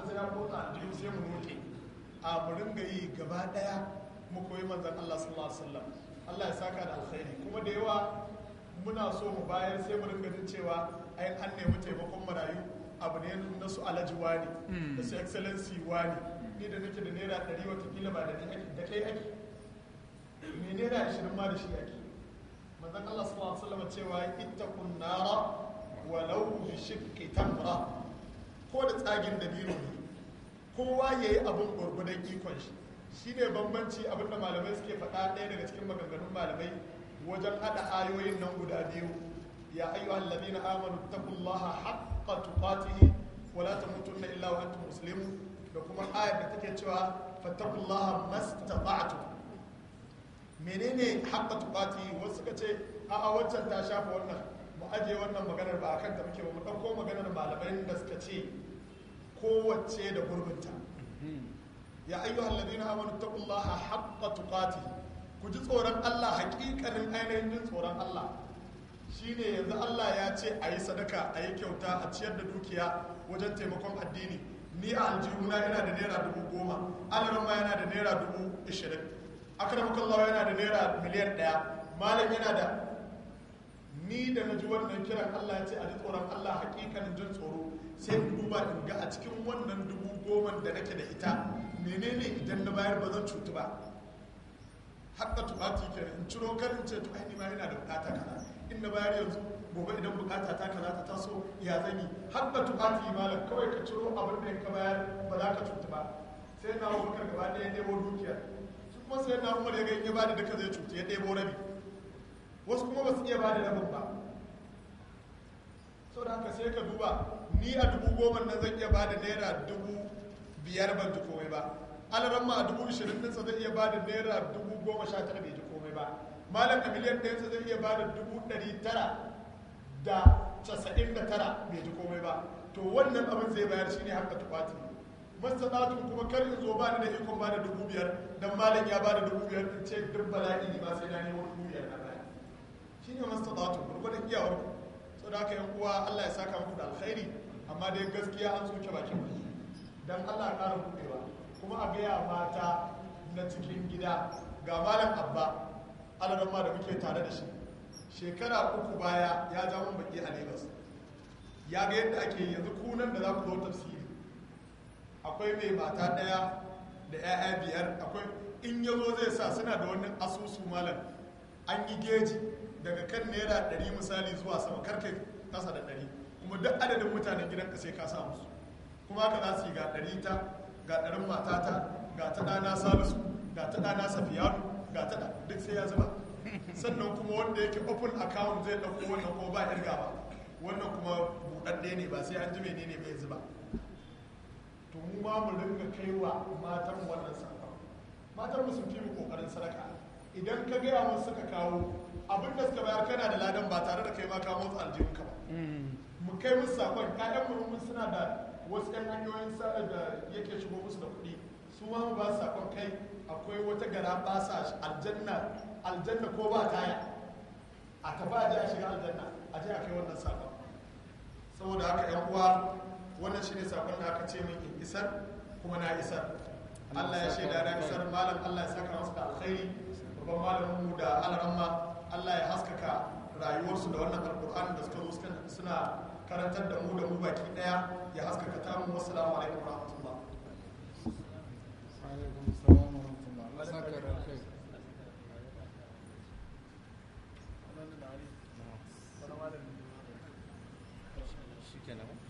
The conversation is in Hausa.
Allah sai ya sai mu mutu a mu gaba daya mu koyi manzon Allah sallallahu alaihi wasallam Allah ya saka da alkhairi kuma da yawa muna so mu bayar sai mu ringa jin cewa ai an nemi taimakon marayu abu ne na su alaji wani da hmm. su excellency wani ni da nake da naira ɗari ba da ni ake da kai ake naira ashirin ma da shi ake Allah sallallahu alaihi wasallam cewa ittaqun nara walau bi shiqqi tamra ko da tsagin da biyu kowa ya yi abin gwargwadon ikon shi shi ne bambanci abin da malamai suke faɗa ɗaya daga cikin maganganun malamai wajen haɗa ayoyin nan guda biyu ya ayyu allazina amanu taqullaha haqqa tuqatihi wa la tamutunna illa wa antum muslimun da kuma ayar da take cewa fattaqullaha mastata'tum menene haqqa tuqatihi wasu suka ce a'a wancan ta shafa wannan ajiye wannan maganar ba a kan ta muke ba mu ɗauko maganar malamai da suka ce kowace da gurbinta ya ayyu alladina amanu taqullaha haqqa tuqati ku ji tsoron Allah haƙiƙanin ainihin jin tsoron Allah shine yanzu Allah ya ce a yi sadaka a yi kyauta a ciyar da dukiya wajen taimakon addini ni a aljihuna yana da naira dubu goma ma yana da naira dubu ishirin akramakallahu yana da naira miliyan ɗaya malam yana da ni da na ji wannan kiran Allah ya ce a ji tsoron Allah hakikan jin tsoro sai in duba in ga a cikin wannan dubu goma da nake da ita menene idan na bayar ba zan cutu ba hakka tubati kenan in ciro karin ce to ai ma yana da bukata kaza in na bayar yanzu gobe idan bukata ta kaza ta taso ya zani hakka tubati mala kawai ka ciro abin da ka bayar ba za ka cutu ba sai na Abubakar gaba ɗaya ya ɗebo dukiya, kuma sai na Umar ya ga in ya bada duka zai cutu ya ɗebo rabi wasu kuma ba su iya ba da rabin ba sau da haka sai ka duba ni a dubu goma nan zan iya ba da naira dubu biyar ban ji komai ba alaran ma a dubu ishirin sa zai iya ba da naira dubu goma sha tara bai ji komai ba malam a miliyan sa zai iya ba da dubu ɗari tara da casa'in da tara bai ji komai ba to wannan abin zai bayar shi ne haka tukwati masana'atun kuma kar in zo ba ni da ikon ba da dubu biyar don malam ya ba da dubu biyar in ce duk bala'i ne ba sai na nemo dubu biyar na masta masu ta gurgudan iyawar so da aka yi kuwa allah ya saka muku da alkhairi amma dai gaskiya an soke bakin ba. don allah ƙara buɗewa kuma a gaya mata na cikin gida ga malam abba alarama da muke tare da shi shekara uku baya ya ja mun baki a lagos ya ga yadda ake yanzu kunan da za ku zo tafsiri akwai mai mata ɗaya da 'ya'ya biyar akwai in ya zai sa suna da wannan asusu malam an yi geji daga kan naira ɗari misali zuwa sama karka kasa da ɗari kuma duk adadin mutanen gidanka sai ka sa musu kuma ka za su yi ga ɗari ta ga ɗarin matata ga ta ɗana salisu ga ta ɗana safiyanu ga ta duk sai ya zuba sannan kuma wanda yake open account zai ɗauko wannan kuma ba ba wannan kuma buɗaɗɗe ne ba sai an ji menene bai zuba to mu ma mu kai kaiwa matan wannan sakon matan mu sun fi mu kokarin sadaka idan ka gaya mun suka kawo abin da suka bayar kana da ladan ba tare da kai ma ka motsa aljihunka ba mm. mu kai musu sakon kayan mu mun suna da wasu 'yan hanyoyin sada da yake shigo musu da kuɗi su ma mu ba su sakon kai akwai wata gara ba sa aljanna aljanna ko ba yi a tafi a je a shiga aljanna a je a kai wannan sakon saboda haka yan uwa wannan shine sakon da aka ce min in isar kuma na isar Allah ya shaida na isar malam Allah ya saka masa alkhairi babban malamin mu da alaramma Allah ya haskaka rayuwarsu da wannan alkur'ani da suka zo suna karantar da mu da mu baki daya ya haskaka ta mu assalamu alaikum warahmatullah Thank